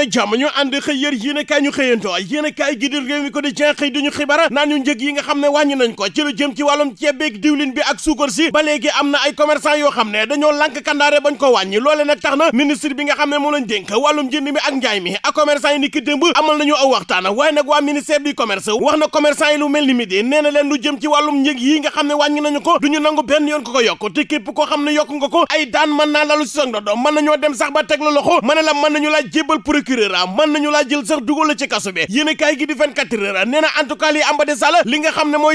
dalena jàmm ñu ànd xëy yër yéenekaay ñu xëyantoo yéenekaay gi réew mi ko di jeex yi nga xam ne wàññi nañ ko ci lu yoo xam ne dañoo lànk kandaare bañ ko nga xam ne moom lañ dénk wàllum jënd mi ak njaay mi ak commerçant yi ni ki démb amal nañu ko duñu nangu benn yoon ko ko yokk te képp koo xam ne yokk nga ko ay daan mën naa lalu si sa ndodo mën nañoo dem sax ba teg la loxo mën la mën nañu la jébbal procureur procureur nañu laa jël sax dugal ci kaso bi yéen a kaay gi di 24 heures nee na de sala li nga xam ne moo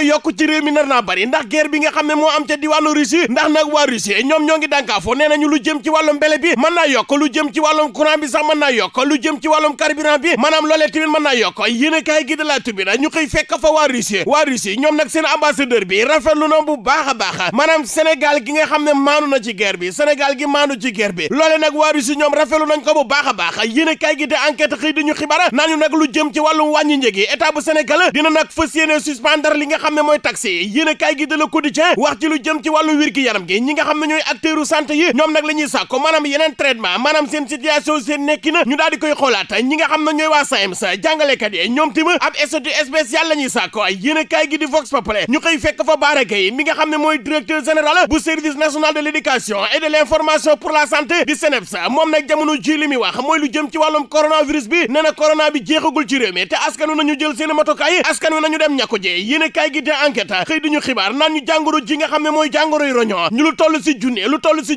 yokk ci réew nar naa bari ndax guerre bi nga xam ne moo am ca diwaanu Russie ndax nag waa Russie ñoom ñoo ngi dànkaafoo nee nañu lu jëm ci wàllu mbele bi mën naa yokk lu jëm ci wàllum courant bi sax mën naa yokk lu jëm ci wàllum carburant bi maanaam loolee tamit mën naa yokk yéen a kaay gi de la tubira ñu koy fekk fa waa Russie waa Russie ñoom nag seen ambassadeur bi rafetlu na bu baax a baax maanaam Sénégal gi nga xam ne maanu na ci guerre bi Sénégal gi maanu ci guerre bi loole nag waa Russie ñoom rafetlu nañ ko bu baax a baax yéen a kaay gi de enquête xëy di ñu xibaar naan ñu nag lu jëm ci wàllum wàññi njëg yi état bu Sénégal dina nag fas yéene suspendre li nga xam ne mooy taxi yi yéen a kaay gi de la quotidien wax ci lu jëm ci wàllu wér gi yaram gi ñi nga xam ne ñooy acteuru santé yi ñoom nag la ñuy sàkko maanaam yeneen traitement traitement maanaam seen situation seen nekki na ñu daal koy xoolaat ñi nga xam ne ñooy waa SAEMS e jàngalekat yi ñoom tamit ab statut e spécial la ñuy sàkko yéen a kaay gi di Vox Populi ñu koy fekk fa Bara Gaye mi nga xam ne mooy directeur général bu service national de l'éducation et de l'information pour la santé di SNEIPS e moom nag jamono ji li muy wax mooy lu jëm ci wàllum coronavirus bi nee na bi jeexagul ci réew mi te askan nañu jël seen matukaay ji a kaay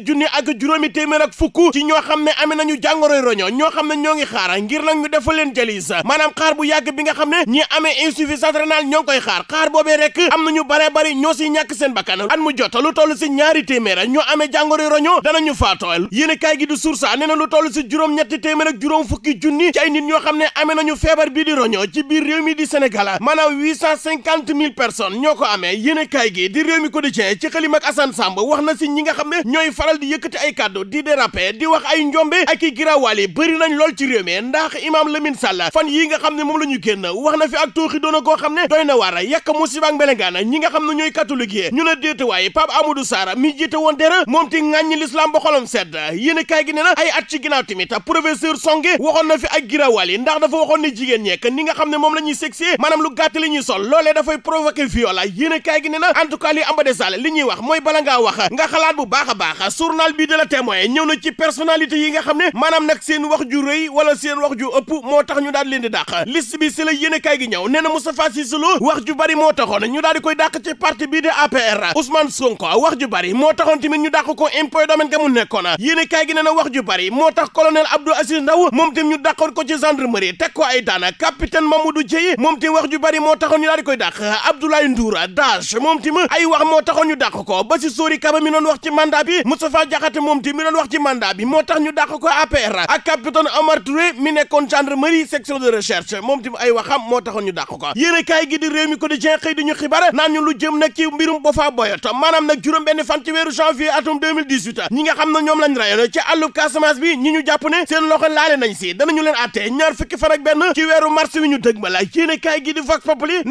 gi di ñoo xam ne amee nañu jàngoroy roño ñoo xam ne ñoo ngi xaar ngir nag ñu defal leen jalis maanaam xaar bu yàgg bi nga xam ne ñi amee insuffisance rénale ñoo koy xaar xaar boobee rek am nañu bare bari ñoo si ñàkk seen bakkan at mu jot lu toll si ñaari téeméer ñoo amee jàngoroy roño danañu faatooyal yéen kaay gi du sursa nee na lu toll si juróom ñetti téeméer ak juróom fukki junni ci ay nit ñoo xam ne amee nañu feebar bii di roño ci biir réew mi ay njombe ak i giraawaale bëri nañ lool ci réew mi ndax imaam Lamine Sall fan yii nga xam ne moom la ñu génn wax na fi ak tooxi doona koo xam ne doy na a yàq musiba ak mbelengaana ñi nga xam ne ñooy catholique yi ñu ne déete waaye Pape Amadou Sarr mi jiite woon dara moom ti ŋàññi lislaam ba xolam sedd yéen kaay gi ne na ay at ci ginnaaw tamit professeur Songe waxoon na fi ak giraawaale ndax dafa waxoon ne jigéen ñekk ni nga xam ne moom la ñuy sexy maanaam lu gàtt sol loolee dafay provoquer viol yéen kaay gi ne li amba wax mooy bala ngaa wax nga xalaat baax a baax journal bi de la témoin ñëw na personnalité yi nga xam ne maanaam nag seen wax ju rëy wala seen wax ju ëpp moo tax ñu daal koy dàq ci parti bii de APR Ousmane Sonko wax ju bari moo taxoon tamit ñu dàq ko impôt domaine ga mu nekkoon yéene gi nee wax ju bari moo tax colonel Abdou Aziz Ndaw moom tamit ñu dàqoon ko ci gendarmerie teg ko ay daana capitaine Mamadou Dieye moom tamit wax ju bari moo taxoon ñu daal di koy dàq Abdoulaye Ndour dage moom tamit ay wax moo taxoon ñu dàq ko ba si Sori tax ñu dàq ko APR ak capitaine Omar mi nekkoon gendarmerie section de recherche moom tim ay waxam moo taxoon ñu dàq ko yéen a kaay gi di réew mi quotidien xëy di ñu xibaar naan ñu lu jëm nag ci mbirum Boffa Bayotte maanaam nag juróom benn fan ci weeru janvier atum ñi nga xam ne ñoom lañ rayoon ci àllub Casamance bi ñi ñu jàpp ne seen loxo laale nañ si danañu leen àtte ñaar fukki fan ak ci weeru mars wi ñu dëg ma la yéen a kaay Vox Populi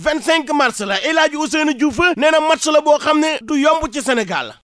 vingt cinq mars la El Hadji Ousseynou Diouf nee na match la boo xam ne du yomb ci Sénégal